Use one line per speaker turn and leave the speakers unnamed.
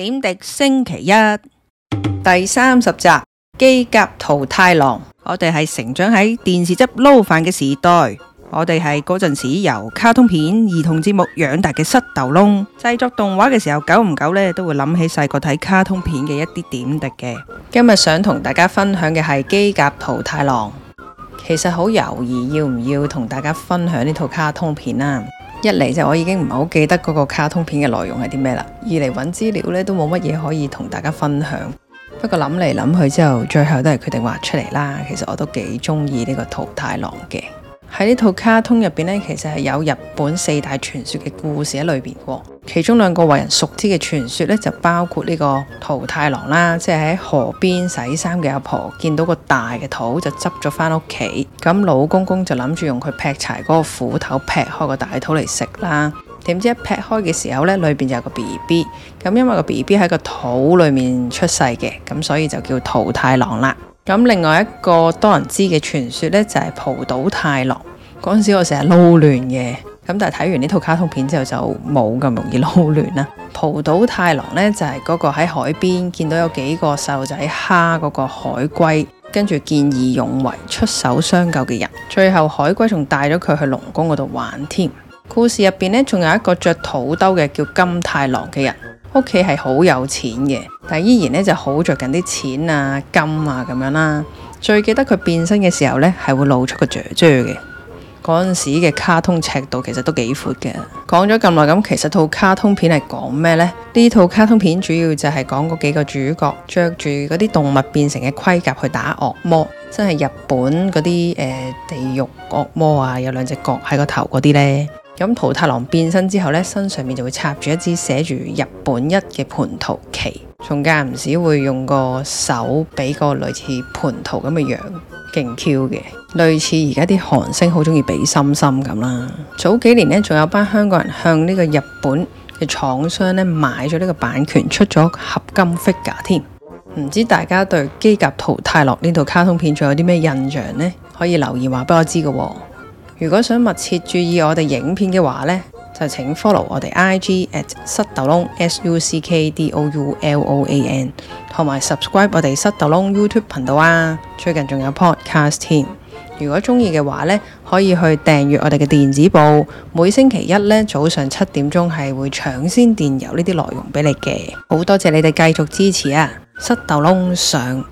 點滴星期一第三十集《機甲淘太郎》，我哋係成長喺電視汁撈飯嘅時代，我哋係嗰陣時由卡通片、兒童節目養大嘅膝頭窿。製作動畫嘅時候，久唔久呢，都會諗起細個睇卡通片嘅一啲點滴嘅。今日想同大家分享嘅係《機甲桃太郎》，其實好猶豫要唔要同大家分享呢套卡通片啊！一嚟就我已經唔係好記得嗰個卡通片嘅內容係啲咩啦，二嚟揾資料呢都冇乜嘢可以同大家分享。不過諗嚟諗去之後，最後都係決定畫出嚟啦。其實我都幾鍾意呢個桃太郎嘅。喺呢套卡通入邊呢，其實係有日本四大傳說嘅故事喺裏邊喎。其中兩個為人熟知嘅傳說呢，就包括呢個桃太郎啦，即係喺河邊洗衫嘅阿婆見到個大嘅桃就執咗返屋企，咁老公公就諗住用佢劈柴嗰個斧頭劈開個大桃嚟食啦。點知一劈開嘅時候呢，裏邊就有個 B B，咁因為個 B B 喺個桃裏面出世嘅，咁所以就叫桃太郎啦。咁另外一個多人知嘅傳說呢，就係蒲島太郎。嗰陣時，我成日撈亂嘅咁，但係睇完呢套卡通片之後就冇咁容易撈亂啦。浦島太郎呢，就係、是、嗰個喺海邊見到有幾個細路仔蝦嗰個海龜，跟住見義勇為出手相救嘅人。最後海龜仲帶咗佢去龍宮嗰度玩添。故事入邊呢，仲有一個着肚兜嘅叫金太郎嘅人，屋企係好有錢嘅，但依然呢就好着緊啲錢啊金啊咁樣啦。最記得佢變身嘅時候呢，係會露出個雀雀嘅。嗰陣時嘅卡通尺度其實都幾闊嘅。講咗咁耐，咁其實套卡通片係講咩呢？呢套卡通片主要就係講嗰幾個主角着住嗰啲動物變成嘅盔甲去打惡魔，真係日本嗰啲誒地獄惡魔啊，有兩隻角喺個頭嗰啲呢。咁桃太郎變身之後呢，身上面就會插住一支寫住日本一嘅蟠桃旗，仲間唔時會用個手畀個類似蟠桃咁嘅樣。勁 Q 嘅，類似而家啲韓星好鍾意畀心心咁啦。早幾年呢，仲有班香港人向呢個日本嘅廠商咧買咗呢個版權，出咗合金 figure 添。唔知大家對基甲圖泰洛呢套卡通片仲有啲咩印象呢？可以留言話俾我知噶。如果想密切注意我哋影片嘅話呢。就請 follow 我哋 IG at 塞豆窿 s u c k d o u l o a n，同埋 subscribe 我哋塞豆窿 YouTube 頻道啊！最近仲有 podcast 添。如果鍾意嘅話呢，可以去訂閱我哋嘅電子報。每星期一咧早上七點鐘係會搶先電郵呢啲內容俾你嘅。好多謝你哋繼續支持啊！塞豆窿上。